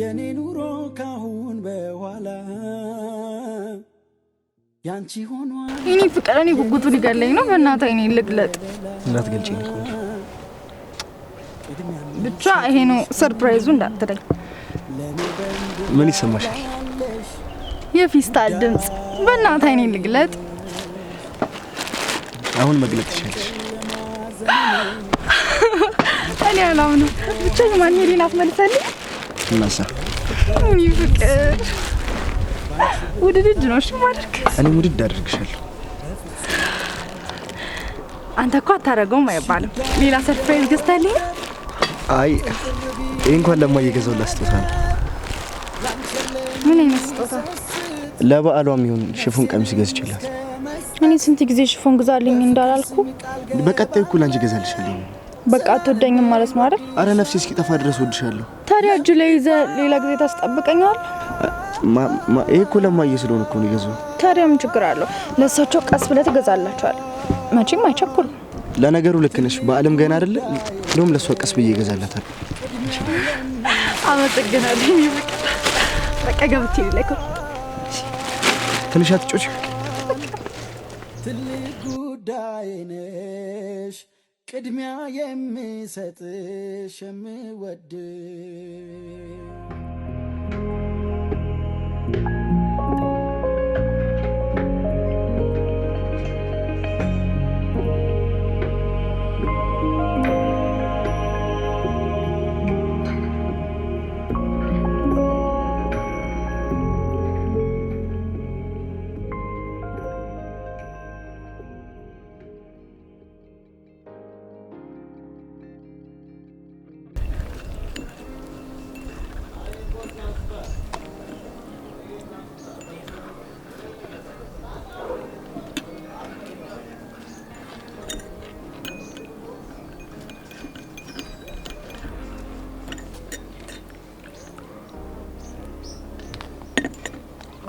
የኔ ኑሮ ካሁን በኋላ ያንቺ ሆኗል። እኔ ፍቅር እኔ ጉጉቱ ሊገለኝ ነው። በእናትህ እኔ ልግለጥ እንዳትገልጪ ብቻ ይሄ ነው ሰርፕራይዙ እንዳትለኝ። ምን ይሰማሻል? የፊስታል ድምፅ። በእናትህ እኔ ልግለጥ። አሁን መግለጥ ትችላለሽ። እኔ አላምንም። ብቻ ማን ሄዴን አትመልሰልኝ ስነሳ ፍቅር ውድድድ ነው ማድርግ እኔ ውድድ አደርግሻለሁ። አንተ እኮ አታደርገውም አይባልም። ሌላ ሰርፕራይዝ ገዝተልኝ። አይ ይህ እንኳን ለማ እየገዛሁላት ስጦታ ነው። ምን አይነት ስጦታ? ለበዓሏ የሚሆን ሽፎን ቀሚስ ገዝቼላት። እኔ ስንት ጊዜ ሽፎን ግዛልኝ እንዳላልኩ። በቀጣይ እኩል ላንቺ ገዛልሻለሁ በቃ አትወደኝም ማለት ነው አይደል? አረ ነፍሴ እስኪ ጠፋ ድረስ ወድሻለሁ። ታዲያ እጁ ላይ ይዘህ ሌላ ጊዜ ታስጠብቀኛል። ይሄ እኮ ለማየ ስለሆነ እኮ ነው የገዛው። ታዲያ ምን ችግር አለው? ለእሳቸው ቀስ ብለህ ትገዛላቸዋል። መቼም አይቸኩሉም። ለነገሩ ልክ ነሽ። በአለም ገና አይደለ እንደውም ለእሷ ቀስ ብዬ ይገዛላታል። አመሰግናለሁ። በቃ ገብቼ ላይ ትንሽ አትጮች ትልቅ ጉዳይ ነሽ ቅድሚያ የምሰጥሽ የምወድሽ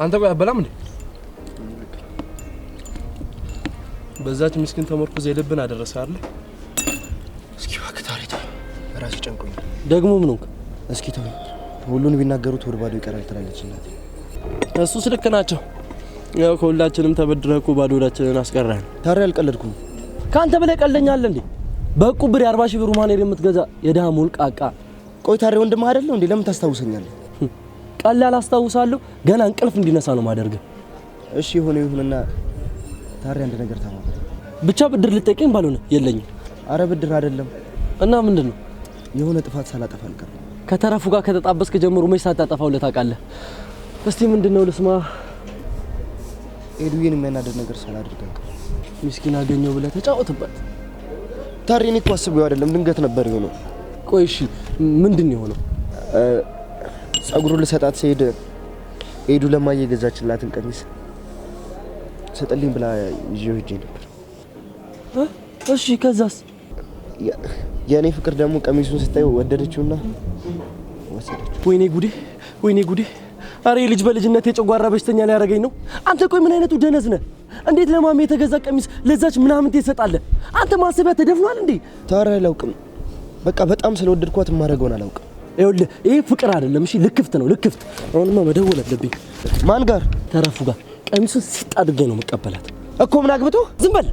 አንተ ቆይ አበላም እንዴ? በዛች ምስኪን ተመርኩዝ የልብን አደረሰ አይደል? እስኪ እባክህ ታሪክ ራሱ ጨንቆኝ ደግሞ ምን ሆንክ? እስኪ ተው ሁሉን ቢናገሩት ወር ባዶ ይቀራል ትላለች እናቴ። እሱስ ልክ ናቸው። ያው ከሁላችንም ተበድረህ እኮ ባዶ ወዳችንን አስቀራን። ታሪ አልቀለድኩም። ከአንተ በላይ ቀለኛለ እንዴ? በቁብር የአርባ ሺህ ብር ማኔር የምትገዛ የድሃ ሞልቃቃ። ቆይ ታዲያ ወንድምህ አይደለሁ እንዴ? ለምን ታስታውሰኛለህ? ቀላል አስታውሳለሁ። ገና እንቅልፍ እንዲነሳ ነው ማደርገ። እሺ የሆነ ይሁንና ታዲያ አንድ ነገር ታማ ብቻ ብድር ልጠይቀኝ ባልሆነ የለኝ። አረ ብድር አይደለም እና ምንድን ነው የሆነ ጥፋት ሳላጠፋ አልቀርም። ከተረፉ ጋር ከተጣበስክ ጀምሮ መች ሳታጠፋው ውለህ ታውቃለህ። እስቲ ምንድን ነው ልስማ። ኤድዊን የሚያናደድ ነገር ሳላደርግ ምስኪን አገኘው ብለህ ተጫወትበት። ታዲያ እኔ እኮ አስቤው አይደለም ድንገት ነበር የሆነው። ቆይ እሺ ምንድን ነው የሆነው? ጸጉሩ ልሰጣት ሲሄድ ኤዱ ለማ እየገዛችላትን ቀሚስ ሰጠልኝ ብላ ይዤው ሄጄ ነበር። እሺ ከዛስ? የእኔ ፍቅር ደግሞ ቀሚሱን ስታይ ወደደችውና ወሰደችው። ወይኔ ጉዴ! ወይኔ ጉዴ! አሬ ልጅ በልጅነት የጨጓራ በሽተኛ ሊያደርገኝ ነው። አንተ ቆይ ምን አይነቱ ደነዝ ነህ? እንዴት ለማሜ የተገዛ ቀሚስ ለዛች ምናምን ትሰጣለህ? አንተ ማሰቢያ ተደፍኗል እንዴ? ታራ አላውቅም። በቃ በጣም ስለወደድኳት የማደርገውን አላውቅም። ይሄ ፍቅር አይደለም። እሺ ልክፍት ነው ልክፍት። አሁንማ መደወል አለብኝ። ማን ጋር? ተረፉ ጋር። ቀሚሱን ሲጥ አድርጌ ነው መቀበላት እኮ። ምን አግብቶ ዝም በል።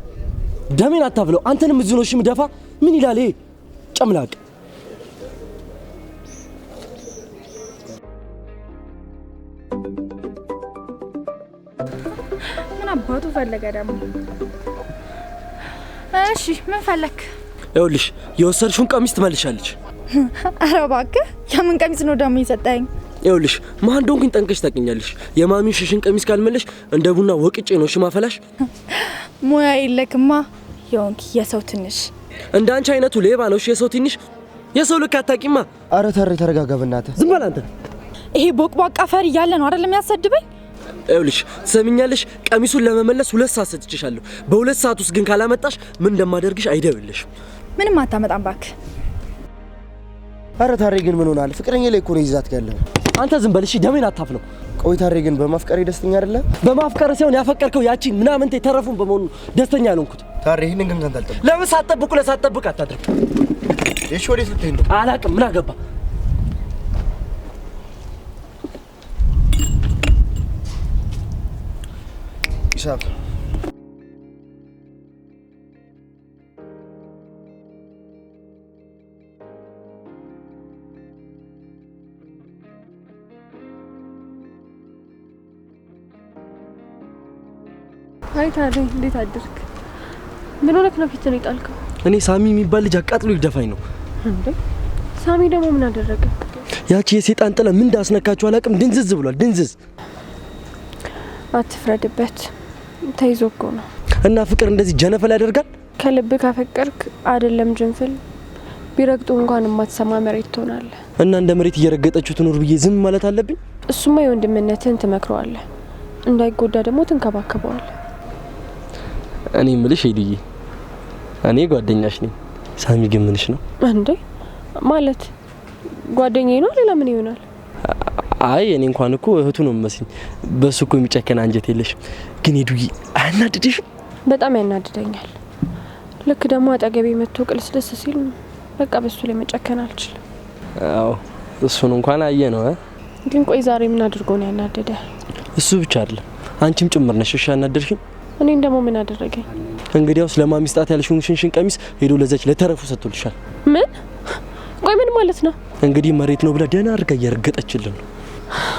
ደሜን አታፍለው። አንተንም እዚህ ነው እሺ ምደፋ። ምን ይላል ይሄ ጨምላቅ? ምን አባቱ ፈለገ ደግሞ? እሺ ምን ፈለክ? ይኸውልሽ የወሰድሽውን ቀሚስ ትመልሻለች። ኧረ እባክህ የምን ቀሚስ ነው ደግሞ የሰጠኸኝ? ይኸውልሽ ማን እንደሆንኩኝ ጠንቅሽ ታውቂኛለሽ። የማሚን ሽሽን ቀሚስ ካልመለሽ እንደ ቡና ወቅጬ ነው ሽማፈላሽ። ሙያ የለክማ የሆንክ የሰው ትንሽ እንደ አንቺ አይነቱ ሌባ ነው የሰው ትንሽ። የሰው ልክ አታውቂማ። አረ ተር ተረጋጋ በእናትህ ዝም በል አንተ። ይሄ ቦቅቧቃ ፈሪ እያለ ነው አይደለም ያሰድበኝ። ይኸውልሽ ትሰሚኛለሽ፣ ቀሚሱን ለመመለስ ሁለት ሰዓት ሰጥቼሻለሁ። በሁለት ሰዓት ውስጥ ግን ካላመጣሽ ምን እንደማደርግሽ አይደብልሽ። ምንም አታመጣም እባክህ አረ ታሬ ግን ምን ሆናል? ፍቅረኛ ላይ እኮ ነው ይዛት ያለው። አንተ ዝም በል እሺ፣ ደሜን አታፍለው። ቆይ ታሬ ግን በማፍቀሬ ደስተኛ አይደለ? በማፍቀር ሲሆን ያፈቀርከው ያቺ ምናምን ተተረፉን በመሆኑ ደስተኛ አልሆንኩት። ታሬ ይሄንን ግን ተንጠልጠል። ለምን ሳትጠብቁ ለሳትጠብቅ አታድርግ። እሺ፣ ወዴት ልትሄድ ነው? አላቅም። ምን አገባ ይሳብ አይ ታዲያ እንዴት አደርክ? ምን ሆነህ ነው ፊት የጣልከው? እኔ ሳሚ የሚባል ልጅ አቃጥሎ ይደፋኝ ነው እንዴ? ሳሚ ደግሞ ምን አደረገ? ያቺ የሴጣን ጥለ ምን እንዳስነካችሁ አላውቅም። ድንዝዝ ብሏል፣ ድንዝዝ። አትፍረድበት፣ ተይዞ እኮ ነው። እና ፍቅር እንደዚህ ጀነፈል ያደርጋል። ከልብ ካፈቀርክ አይደለም ጅንፍል ቢረግጡ እንኳን የማትሰማ መሬት ትሆናለ። እና እንደ መሬት እየረገጠችው ትኖር ብዬ ዝም ማለት አለብኝ? እሱማ የወንድምነትህን ትመክረዋለህ፣ እንዳይጎዳ ደግሞ ትንከባከበዋለህ። እኔ ምልሽ ሄድዬ፣ እኔ ጓደኛሽ ነኝ። ሳሚ ግን ምንሽ ነው እንዴ? ማለት ጓደኛዬ ነው። ሌላ ምን ይሆናል? አይ እኔ እንኳን እኮ እህቱ ነው መስኝ። በሱ እኮ የሚጨከን አንጀት የለሽ። ግን ሄዱዬ፣ አያናድድሽም? በጣም ያናድደኛል። ልክ ደግሞ አጠገቤ መጥቶ ቅልስልስ ሲል በቃ በሱ ላይ መጨከን አልችልም። አዎ እሱን እንኳን አየ ነው። ግን ቆይ ዛሬ ምን አድርጎ ነው ያናደደ? እሱ ብቻ አይደለም አንቺም ጭምር ነሽ። እሺ ያናደድሽኝ እኔን ደግሞ ምን አደረገኝ? እንግዲያውስ ለማሚ ስጣት ያልሽውን ሽንሽን ቀሚስ ሄዶ ለዛች ለተረፉ ሰጥቶልሻል። ምን? ቆይ ምን ማለት ነው? እንግዲህ መሬት ነው ብላ ደህና አድርጋ እየረገጠችልን ነው።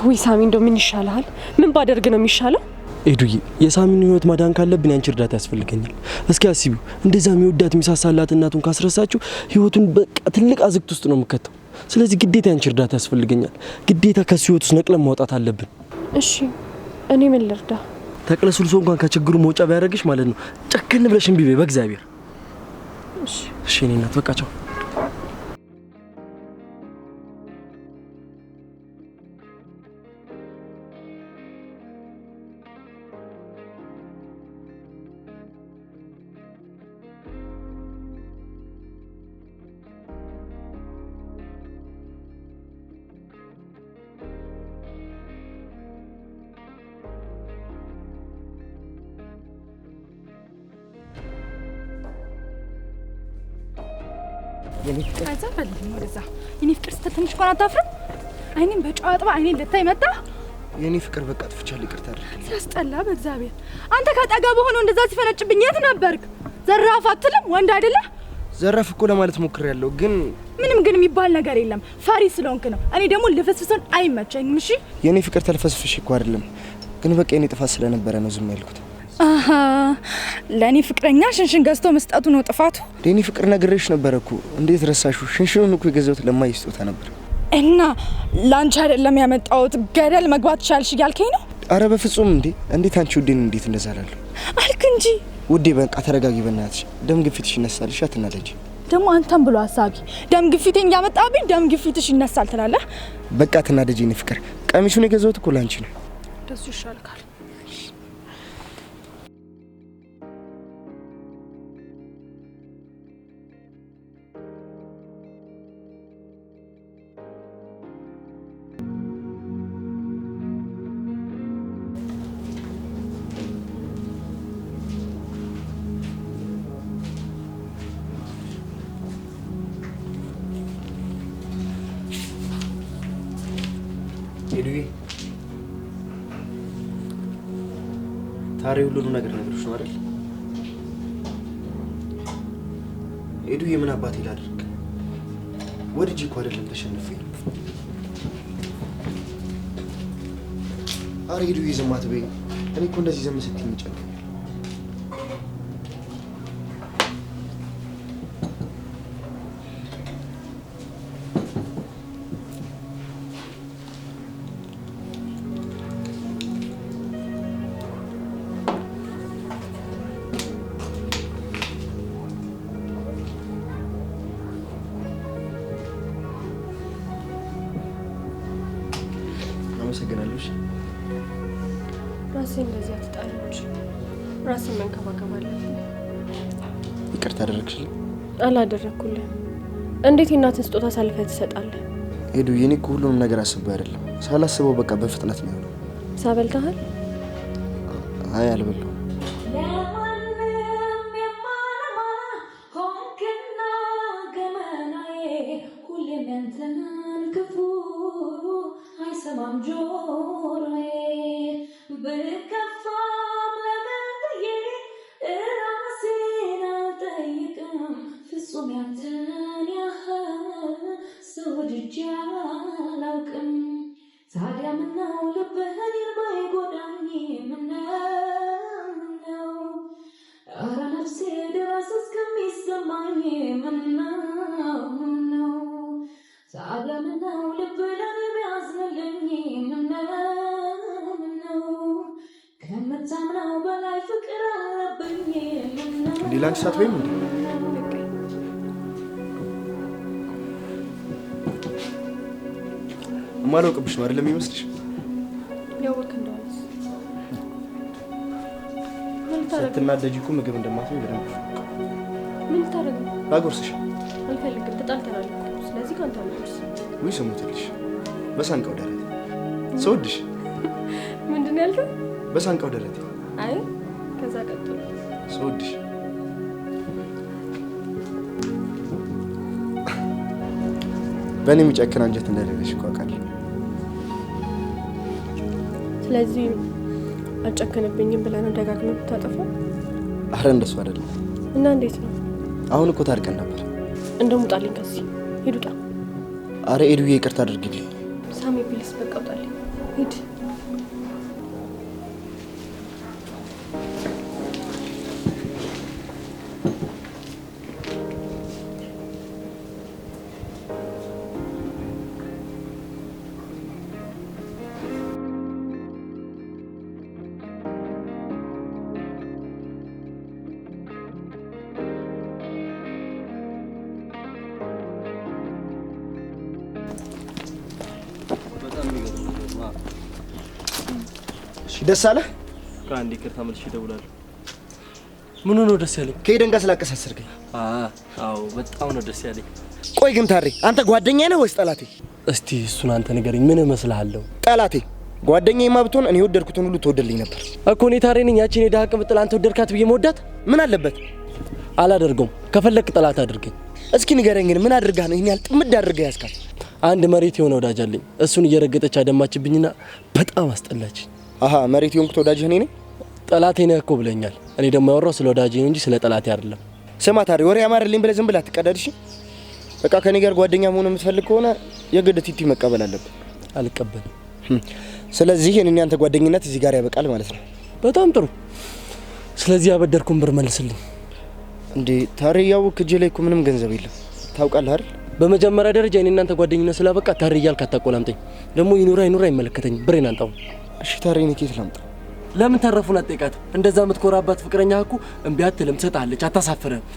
ወይ ሳሚ፣ እንደው ምን ይሻልሃል? ምን ባደርግ ነው የሚሻለው? ኤዱዬ፣ የሳሚን ህይወት ማዳን ካለብን ያንቺ እርዳታ ያስፈልገኛል። እስኪ አስቢው፣ እንደዛ የሚወዳት የሚሳሳላት እናቱን ካስረሳችሁ ህይወቱን በቃ ትልቅ አዝግት ውስጥ ነው የምከተው። ስለዚህ ግዴታ ያንቺ እርዳታ ያስፈልገኛል። ግዴታ ከሱ ህይወት ውስጥ ነቅለን ማውጣት አለብን። እሺ፣ እኔ ምን ልርዳ? ተቅለስልሶ እንኳን ከችግሩ መውጫ ቢያደርግሽ ማለት ነው ጨክን ብለሽ እምቢ በይ። በእግዚአብሔር እሺ፣ እኔ እናት በቃ ከዛ በልኝ ወደዛ። የኔ ፍቅር ስትል ትንሽ እንኳን አታፍርም? አይኔን በጨዋ ጥባ አይኔን ልታይ መጣ። የኔ ፍቅር በቃ ጥፍቻለሁ፣ ይቅርታ አድርግ። ሲያስጠላ በእግዚአብሔር። አንተ ካጠገቡ ሆኖ እንደዛ ሲፈነጭብኝ የት ነበርክ? ዘራፍ አትልም? ወንድ አይደለ? ዘራፍ እኮ ለማለት ሞክሬያለሁ፣ ግን ምንም ግን የሚባል ነገር የለም። ፈሪ ስለሆንክ ነው። እኔ ደግሞ ልፈስፍሰን አይመቸኝም። እሺ የኔ ፍቅር ተልፈስፍሽ እኮ አይደለም፣ ግን በቃ የኔ ጥፋት ስለነበረ ነው ዝም ያልኩት። ለእኔ ፍቅረኛ ሽንሽን ገዝቶ መስጠቱ ነው ጥፋቱ። የእኔ ፍቅር ነግሬሽ ነበረ እኮ እንዴት ረሳሹ? ሽንሽኑን እኮ የገዛሁት ለማየ ስጦታ ነበር እና ላንቺ አይደለም ያመጣሁት። ገደል መግባት ቻልሽ እያልከኝ ነው? አረ በፍጹም እንዴ! እንዴት አንቺ ውዴን እንዴት እንደዛ ላለሁ አልክ እንጂ ውዴ። በቃ ተረጋጊ በናትሽ። ደም ግፊትሽ ይነሳልሽ፣ አትናደጂ። ደግሞ አንተም ብሎ አሳቢ ደም ግፊቴን እያመጣብኝ ደም ግፊትሽ ይነሳል ትላለህ። በቃ አትናደጂ። እኔ ፍቅር ቀሚሱን የገዛሁት እኮ ላንቺ ነው። ደሱ ይሻልካል ሁሉንም ነገር ነገሮች ነው አይደል? ሄዱ የምን አባቴ ላደርግ ወድጄ እኮ አይደለም ተሸንፌ። አረ ሄዱ ዝም አትበይ። እኔ እኮ እንደዚህ ዝም ስትይኝ ይጨንቀኛል። አላደረግኩልህም። እንዴት የእናትን ስጦታ ሳልፈህ ትሰጣለህ? ሄዱ የኔ እኮ ሁሉንም ነገር አስቤ አይደለም፣ ሳላስበው በቃ በፍጥነት ነው የሆነው። ሳበልተሃል? አይ አልበላሁ። ልብ ለኔ ቢያዝንልኝ ምነው ከምታምናው በላይ ፍቅር አለብኝ እንዲህ ለአንቺ ሰዓት ወይም እንዲ የማላውቅብሽ ነው አይደለም ይመስልሽ ያወቅ እንደሆነ እኮ ምግብ እንደማትበይ ምን ላጎርስሽ አልፈልግም። ተጣልተናል እኮ ግን አንተ ነህ። ስሙትልሽ በሳንቃው ደረቴ ስወድሽ ምንድን ነው ያልከው? በሳንቃው ደረቴ። አይ ከዛ ቀጥሎ ስወድሽ በእኔ የሚጨክን አንጀት እንደሌለሽ እኮ አውቃለሁ። ስለዚህ አልጨከንብኝም ብለህ ነው ደጋግመህ ብታጠፋው? አረ እንደሱ አይደለም። እና እንዴት ነው? አሁን እኮ ታርቀን ነበር። እንደውም ውጣልኝ ከዚህ ሂድ አረ ኤዱዬ ይቅርታ አድርግልኝ። ሳሚ ፕሊስ፣ በቃ ውጣልኝ። ሂድ ደስ አለህ? ከአንድ ይቅርታ መልሼ እደውላለሁ። ምኑ ነው ደስ ያለኝ? ከሄደን ጋር ስላቀሳሰርከኝ። አዎ በጣም ነው ደስ ያለኝ። ቆይ ግን ታሬ አንተ ጓደኛዬ ነህ ወይስ ጠላቴ? እስቲ እሱን አንተ ንገረኝ። ምን እመስልሃለሁ? ጠላቴ ጓደኛዬማ ብትሆን እኔ የወደድኩትን ሁሉ ትወደልኝ ነበር እኮ። እኔ ታሬ ነኝ ያቺን የድሃ ቅምጥል አንተ ወደድካት ብዬ መወዳት ምን አለበት? አላደርገውም። ከፈለክ ጠላት አድርገኝ። እስኪ ንገረኝ ግን ምን አድርጋ ነው ይህን ያህል ጥምድ አድርጋ ያስካት? አንድ መሬት የሆነ ወዳጅ አለኝ። እሱን እየረገጠች አደማችብኝና በጣም አስጠላችኝ። አሀ መሬት የሆንኩት ተወዳጅ እኔ ነኝ። ጠላቴ ነህ እኮ ብለኛል። እኔ ደግሞ ያወራው ስለ ወዳጅ ነው እንጂ ስለ ጠላቴ አይደለም። ስማ ታሪ ወሬ ያማርልኝ ብለህ ዝም ብለህ አትቀዳድሽ። በቃ ከኔ ጋር ጓደኛ መሆን የምትፈልግ ከሆነ የግድ ቲቲ መቀበል አለብን። አልቀበልም። hm። ስለዚህ እኔ አንተ ጓደኝነት እዚህ ጋር ያበቃል ማለት ነው። በጣም ጥሩ። ስለዚህ ያበደርኩን ብር መልስልኝ። እንዴ ታሪ ያው እጄ ላይ እኮ ምንም ገንዘብ የለም ታውቃለህ አይደል? በመጀመሪያ ደረጃ እኔ እናንተ ጓደኝነት ስላበቃ ታሪ እያልክ አታቆላምጠኝ። ደግሞ ይኑራ ይኑራ አይመለከተኝም። ብሬን አንጣው እሺ ታዲያ እኔ ላምጣ? ለምን ተረፉን አትጠይቃትም? እንደዛ የምትኮራባት ፍቅረኛ እኮ እምቢ አትልም፣ ትሰጥሃለች፣ አታሳፍርህም።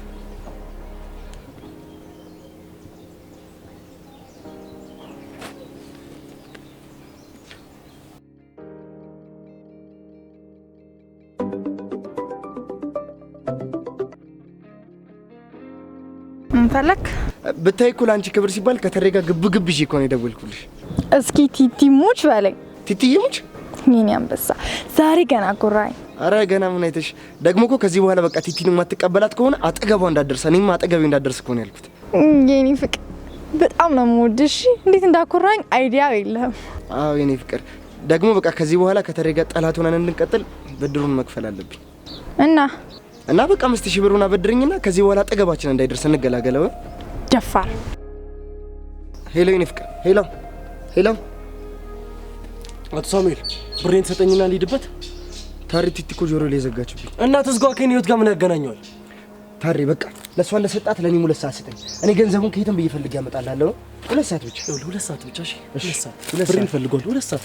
ፈለክ ብታይ እኮ ለአንቺ ክብር ሲባል ከተሬ ጋር ግብ ግብ ይዤ እኮ ነው የደወልኩልሽ። እስኪ ቲቲ ሙች በለኝ። ቲቲ ሙች የኔ አንበሳ ዛሬ ገና ጉራኝ። አረ ገና ምን አይተሽ ደግሞ እኮ ከዚህ በኋላ በቃ ቲቲን የማትቀበላት ከሆነ አጠገቧ እንዳትደርስ እኔም አጠገቤ እንዳደርስ ከሆነ ያልኩት። የኔ ፍቅር በጣም ነው የምወድሽ። እንዴት እንዳኩራኝ አይዲያ የለም። አዎ የኔ ፍቅር ደግሞ በቃ ከዚህ በኋላ ከተረጋ ጠላት ሆነን እንድንቀጥል ብድሩን መክፈል አለብኝ እና እና በቃ አምስት ሺህ ብሩን አበድርኝና ከዚህ በኋላ አጠገባችን እንዳይደርስ እንገላገለው። ደፋር ሄሎ የኔ ፍቅር ሄሎ ሄሎ አቶ ሳሙኤል ብሬን ሰጠኝና ልሂድበት። ታሪ ቲቲኮ ጆሮ ላይ ዘጋችብኝ እና ተዝጓ ከኔ ህይወት ጋር ምን ያገናኘዋል? ታሪ በቃ ለእሷ እንደሰጣት ለእኔ ሁለት ሰዓት ስጠኝ። እኔ ገንዘቡን ከየትም ብዬ ፈልግ ያመጣላለሁ። ሁለት ሰዓት ብቻ፣ ሁለት ሰዓት ብቻ። እሺ፣ ሁለት ሰዓት ብሬን እፈልገዋለሁ። ሁለት ሰዓት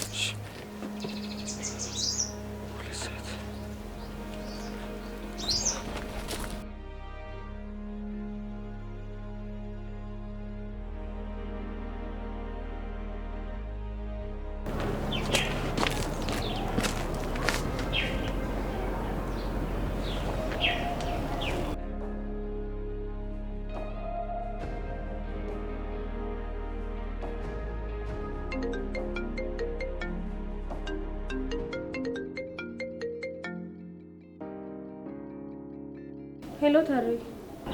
ሄሎ ታሪ፣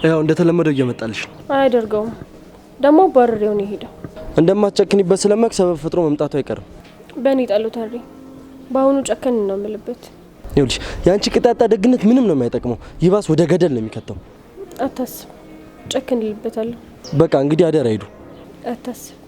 ያው እንደተለመደው እየመጣልሽ ነው። አያደርገውም ደግሞ ባረሬውን የሄደው እንደማትጨክኒበት ስለማቅ ሰበብ ፈጥሮ መምጣቱ አይቀርም። በእኔ ጣሉ ታሪ፣ በአሁኑ ጨከን ነው የምልበት። ይኸውልሽ የአንቺ ቅጣጣ ደግነት ምንም ነው የማይጠቅመው፣ ይባስ ወደ ገደል ነው የሚከተው። አታስብ፣ ጨከን ልበታለሁ። በቃ እንግዲህ አደራ ሂዱ። አታስብ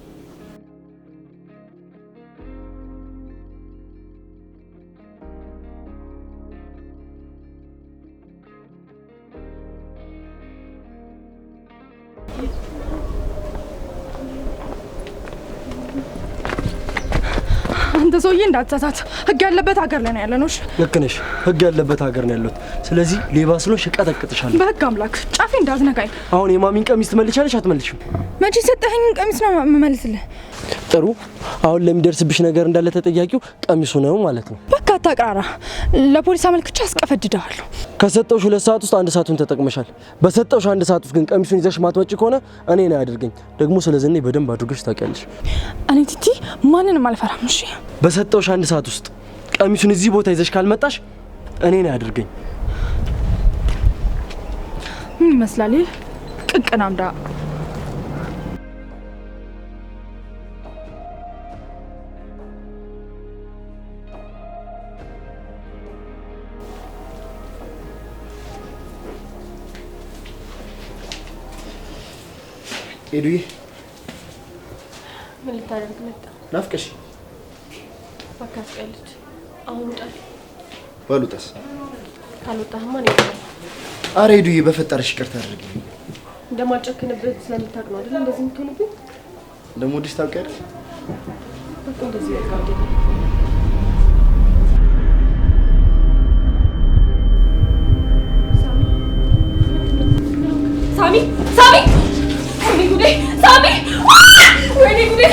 አንተ ሰውዬ እንዳትሳሳት፣ ህግ ያለበት ሀገር ላይ ነው ያለነው። ልክ ነሽ፣ ህግ ያለበት ሀገር ነው ያለሁት። ስለዚህ ሌባ ስለሆንሽ እቀጠቅጥሻለሁ። በህግ አምላክ ጫፌ እንዳትነካኝ። አሁን የማሚን ቀሚስ ትመልሻለሽ? አትመልሽም? መቼ ሰጠኸኝን ቀሚስ ነው የምመልስልህ። ጥሩ። አሁን ለሚደርስብሽ ነገር እንዳለ ተጠያቂው ቀሚሱ ነው ማለት ነው። አታቅራራ። ለፖሊስ አመልክቼ አስቀፈድደዋለሁ። ከሰጠውሽ ሁለት ሰዓት ውስጥ አንድ ሰዓቱን ተጠቅመሻል። በሰጠውሽ አንድ ሰዓት ውስጥ ግን ቀሚሱን ይዘሽ ማትመጪ ከሆነ እኔ ነው ያደርገኝ። ደግሞ ስለዚህ በደንብ አድርገሽ ታውቂያለሽ። እኔ ቲቲ ማንንም አልፈራም። እሺ፣ በሰጠውሽ አንድ ሰዓት ውስጥ ቀሚሱን እዚህ ቦታ ይዘሽ ካልመጣሽ እኔ ነው ያደርገኝ። ምን ይመስላል ይህ ቅቅናምዳ ሄዱዬ ምን ልታደርግ መጣ? ናፍቀሽ ባካስቀልች። አሁን ውጣ ባሉጣስ ካልወጣህማ እኔ ኧረ ሄዱዬ በፈጠረሽ ይቅርታ አድርጊልኝ። እንደማጨክንበት ስለምታውቅ ነው አይደል እንደዚህ የምትሆንብኝ። እንደምወድሽ ታውቂያለሽ። በቃ እንደዚህ በቃ ሳሚ ሳሚ ሄሎ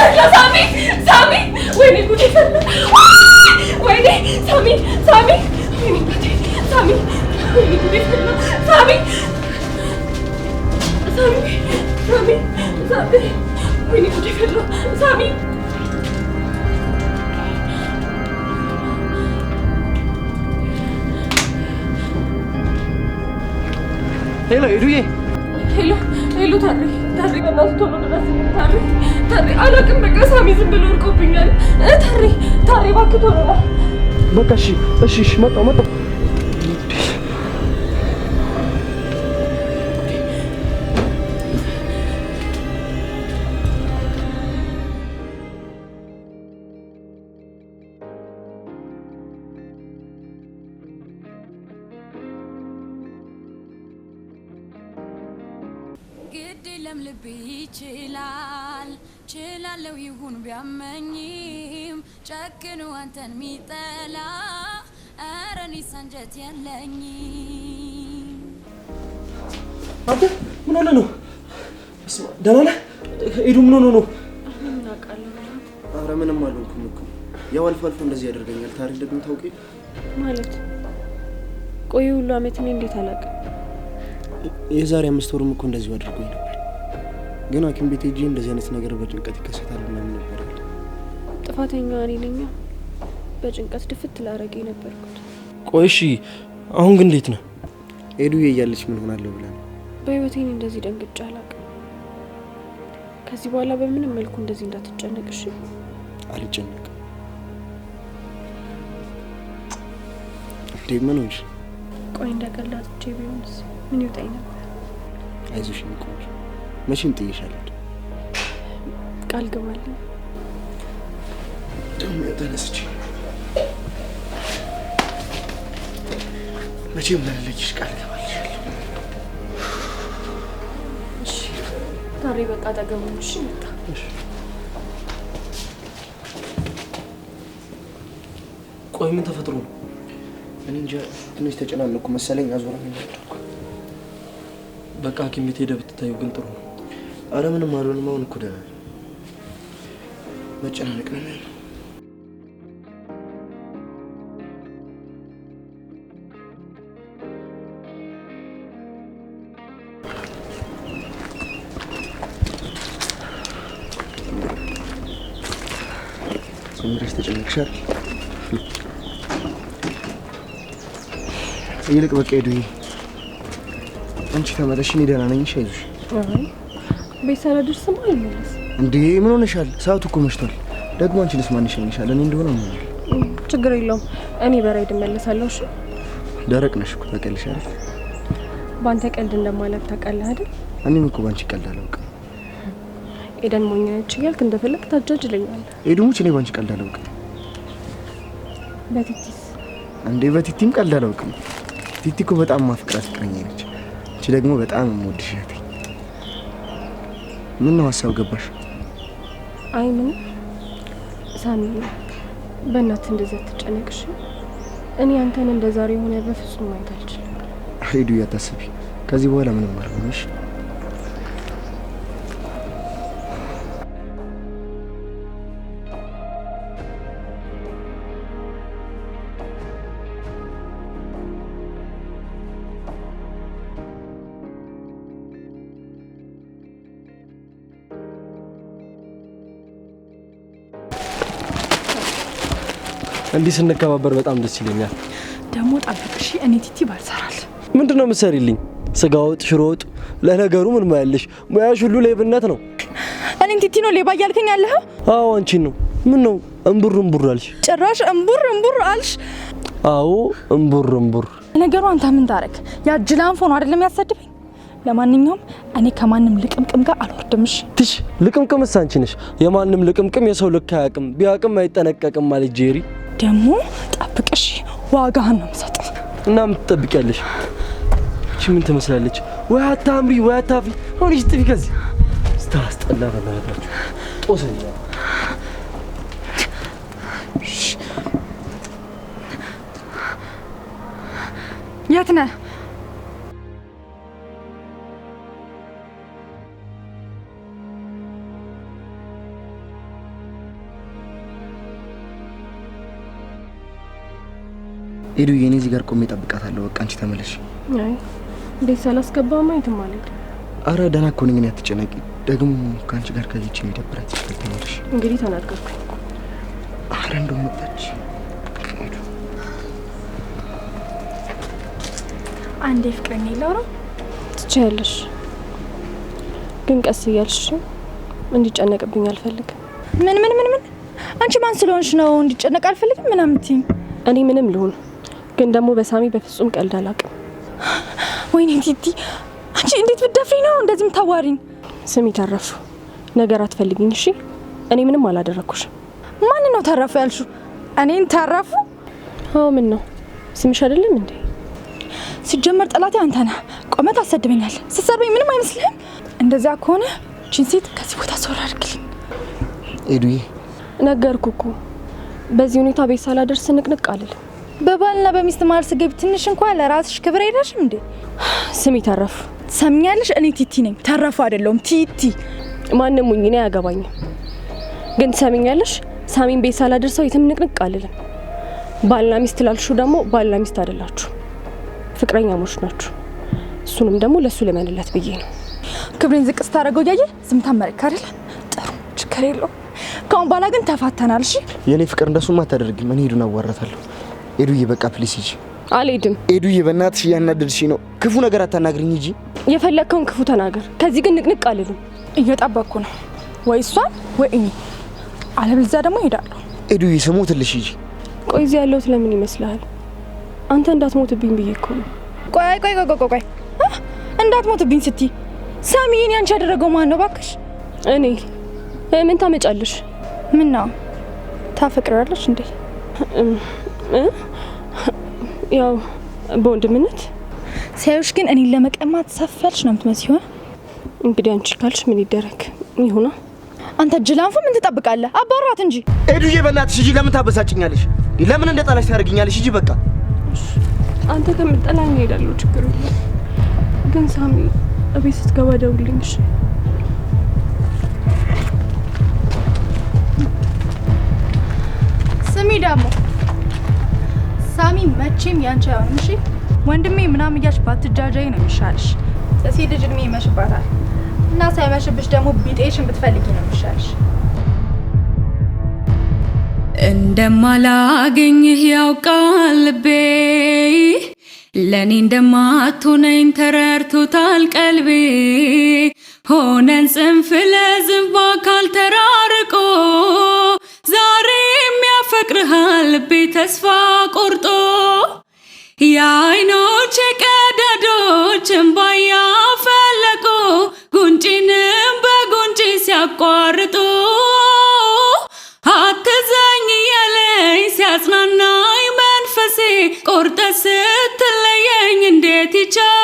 ሄሉ ሄሉ ታሪ ታሪ በእናትህ ቶሎ ድረስ ታሪ ታሪ አላውቅም። በቃ ሳሚ ዝም ብሎ እርቆብኛል። ታሪ ታሪ እባክህ ቶሎ ና። በቃ እሺ፣ እሺ፣ እሺ። መጣሁ መጣሁ። ግድ የለም ልብ ይችላል ይሻል ችላለሁ ይሁን ቢያመኝም ጨክኑ አንተን ሚጠላ ኧረ እኔስ አንጀት የለኝም። አንተ ምን ሆነህ ነው? ደህና ነህ? ሂዱ ምን ሆኖ ነው? ኧረ ምንም አልሆንኩም እኮ ያው አልፎ አልፎ እንደዚህ ያደርገኛል። ታሪክ ደግሞ ታውቂ ማለት ቆይ ሁሉ አመት እኔ እንዴት አላውቅም። የዛሬ አምስት ወርም እኮ እንደዚሁ አድርጎኝ ነበር። ግን ሐኪም ቤት ሄጄ እንደዚህ አይነት ነገር በጭንቀት ይከሰታል ምናምን ነበር ያለ። ጥፋተኛ እኔ ነኝ። በጭንቀት ድፍት ላረገ የነበርኩት። ቆይ እሺ፣ አሁን ግን እንዴት ነው? ኤዱዬ እያለች ምን ሆናለሁ ብላ ነው። በህይወቴ እንደዚህ ደንግጬ አላውቅም። ከዚህ በኋላ በምንም መልኩ እንደዚህ እንዳትጨነቅሽ። እሺ። አልጨነቅም። እንዴ ምን ሆንሽ? ቆይ እንዳቀላጥቼ ቢሆንስ ምን ይውጣኝ ነበር። አይዞሽ ቆንጆ መቼም ጥይሻለሁ። ቃል ግባልኝ። ደግሞ ተነስቼ መቼም ላለይሽ ቃል ገባልሻለሁ። ታሪ በቃ ጠገቡሽ መጣ ቆይ ምን ተፈጥሮ ነው? እኔ እንጃ ትንሽ ተጨናነኩ መሰለኝ። አዞራ በቃ ሐኪም ቤት ሄደህ ብትታዩ ግን አረምንም አልሆንም። አሁን እኮ ደህና ነኝ። መጨናነቅ ነው ያለው። ምረስ ተጨነቅሻል። ይልቅ በቃ ሄዱ። አንቺ ተመለሽ፣ እኔ ደህና ነኝ። አይዞሽ ቤት ሳላደርስ ስማ ይመለስ እንዴ? ምን ሆነሻል? ሰዓቱ እኮ መሽቷል። ደግሞ አንቺንስ ልስማን ይሻልሻል። እኔ እንደሆነ ሆናል። ችግር የለውም። እኔ በራይድ እመለሳለሁ። እሺ። ደረቅ ነሽ እኮ አይደል? በአንተ ቀልድ እንደማላት ታውቃለህ አይደል? እኔም እኮ ባንቺ ቀልድ አላውቅም። ኤደን ሞኝ ነች እያልክ እንደፈለግ ታጃጅለኛለህ። ኤድሙች እኔ ባንቺ ቀልድ አላውቅም። በቲቲስ እንዴ? በቲቲም ቀልድ አላውቅም። ቲቲ እኮ በጣም ማፍቅራት ፍቅረኛ ነች። እቺ ደግሞ በጣም የምወድሽ እህቴ ምን ነው ሀሳብ ገባሽ? አይ ምንም ሳሚ፣ በእናትህ እንደዚህ አትጨነቅሽ። እኔ አንተን እንደዛሬ የሆነ በፍጹም ማየት አልችልም። ሂዱ፣ አታስቢ። ከዚህ በኋላ ምንም አልሆነሽ እንዲህ ስንከባበር በጣም ደስ ይለኛል። ደግሞ ጠበቅሽ፣ እኔ ቲቲ ባልሰራል። ምንድን ነው የምትሰሪልኝ? ስጋ ወጥ፣ ሽሮ ወጥ። ለነገሩ ምን ማያለሽ፣ ሙያሽ ሁሉ ሌብነት ነው። እኔን ቲቲ ነው ሌባ እያልከኝ ያለህ? አዎ አንቺን ነው። ምን ነው እምቡር እምቡር አልሽ? ጭራሽ እምቡር እምቡር አልሽ? አዎ እምቡር እምቡር። ነገሩ አንተ ምን ታረክ? ያ ጅላንፎ ነው አይደለም ያሰድበኝ። ለማንኛውም እኔ ከማንም ልቅምቅም ጋር አልወርድምሽ። ትሽ ልቅምቅምስ አንቺ ነሽ። የማንም ልቅምቅም የሰው ልክ አያውቅም፣ ቢያውቅም አይጠነቀቅም ማለት ጄሪ ደግሞ ጠብቅሽ፣ ዋጋህን ነው የምሰጠው። እና ምን ትጠብቂያለሽ? እቺ ምን ትመስላለች? ወይ አታምሪ ወይ አታፊ። አሁን እሺ ጥፊ ከዚህ ስታ አስጠላ በናታችሁ ጦሰኛ የት ነህ? ሄዱዬ፣ የኔ እዚህ ጋር ቆሜ እጠብቃታለሁ። በቃ አንቺ ተመለሽ። አይ ቤት ሳላስገባማ ማየት ማለት አረ ደህና እኮ ነኝ፣ አትጨነቂ። ደግሞ ከአንቺ ጋር ከዚች የሚደብራት ይችላል። ተመለሽ እንግዲህ። ተናገርኩኝ። አረ እንደው መጣች። አንዴ ፍቅረኛ ይለውራ ትችያለሽ፣ ግን ቀስ እያልሽ እንዲጨነቅብኝ አልፈልግም። ምን ምን ምን ምን አንቺ ማን ስለሆንሽ ነው እንዲጨነቅ አልፈልግም ምናምን ትይኝ? እኔ ምንም ልሁን ግን ደግሞ በሳሚ በፍጹም ቀልድ አላውቅም። ወይኔ ቲቲ፣ አንቺ እንዴት ብደፍሪ ነው እንደዚህ ምታዋሪኝ? ስሚ ተረፉ፣ ነገር አትፈልግኝ እሺ። እኔ ምንም አላደረግኩሽ። ማን ነው ተረፉ ያልሹ? እኔን ተረፉ? አዎ ምን ነው ስምሽ አይደለም እንዴ? ሲጀመር ጠላቴ አንተ ነህ። ቆመት አሰድበኛል። ስትሰርበኝ ምንም አይመስልህም? እንደዚያ ከሆነ ቺን ሴት ከዚህ ቦታ ዞር አድርግልኝ። ኤዱዬ ነገርኩ እኮ በዚህ ሁኔታ ቤት ሳላደርስ ንቅንቅ አልልም። በባልና በሚስት መሀል ስገቢ ትንሽ እንኳን ለራስሽ ክብር የለሽም እንዴ? ስሚ ተረፉ፣ ሰምኛለሽ? እኔ ቲቲ ነኝ፣ ተረፉ አይደለሁም። ቲቲ ማንም ሙኝ እኔ አያገባኝም። ግን ሰምኛለሽ፣ ሳሚን ቤት ሳላደርሰው የትም ንቅንቅ አልልም። ባልና ሚስት ላልሹ ደግሞ ባልና ሚስት አይደላችሁ፣ ፍቅረኛሞች ናችሁ። እሱንም ደግሞ ለእሱ ልመንለት ብዬ ነው። ክብሬን ዝቅ ስታደርገው እያየ ዝምታ መረክ አይደለ? ጥሩ ችግር የለውም። ከአሁን በኋላ ግን ተፋተናል። እሺ የእኔ ፍቅር እንደሱማ አታደርግም። እኔ ሂዱን አዋራታለሁ ኤዱዬ በቃ ፕሊስ ሂጂ። አልሄድም። ኤዱዬ በእናትሽ እያናደድሽኝ ነው። ክፉ ነገር አታናግርኝ ሂጂ። የፈለግከውን ክፉ ተናገር። ከዚህ ግን ንቅንቅ አልልም። እየጠበቅኩ ነው ወይ እሷን ወይ እኔ፣ አለበለዚያ ደግሞ እሄዳለሁ። ኤዱዬ ስሞትልሽ ሂጂ። ቆይ እዚህ ያለሁት ለምን ይመስልሃል? አንተ እንዳትሞትብኝ ብዬ እኮ ነው። ቆይ ቆይ ቆይ ቆይ ቆይ፣ እንዳትሞትብኝ ስትይ ሳሚ፣ ይሄን ያንቺ ያደረገው ማን ነው እባክሽ? እኔ ምን ታመጫለሽ? ምን ታፈቅራለሽ እንዴ? ያው በወንድምነት ሲያዩሽ ግን እኔን ለመቀማት ሰፈልሽ ነው የምትመስይው። እንግዲህ አንቺ ካልሽ ምን ይደረግ ይሁና። አንተ ጅላንፉ ምን ትጠብቃለህ? አባራት እንጂ ኤዱዬ፣ በእናትሽ ለምን ታበሳጭኛለሽ? ለምን እንደ ጠላሽ ታደርግኛለሽ? በቃ። አንተ ከምጠላኝ እሄዳለሁ፣ ችግር የለም። ግን ሳሚ እቤት ስትገባ እሺ? ስሚ ደግሞ ሳሚ መቼም ያንቺ አይሆንም። እሺ ወንድሜ ምናምን እያልሽ ባትጃጃይ ነው የሚሻልሽ። እዚህ ልጅ እድሜ ይመሽባታል እና ሳይመሽብሽ ደግሞ ቢጤሽን ብትፈልጊ ነው የሚሻልሽ። እንደማላገኝህ ያውቃል ልቤ ለእኔ እንደማትሆነኝ ተረድቶታል ቀልቤ ሆነን ጽንፍ ለዝንባ ካልተራርቆ ዛሬ ያፈቅርሃል ልቤ ተስፋ ቆርጦ የአይኖች ቀዳዳዎች እንባ ያፈለቁ ጉንጭንም በጉንጭ ሲያቋርጡ አትዘኝ እያለኝ ሲያጽናናኝ መንፈሴ ቆርጠ ስትለየኝ እንዴት ይቻል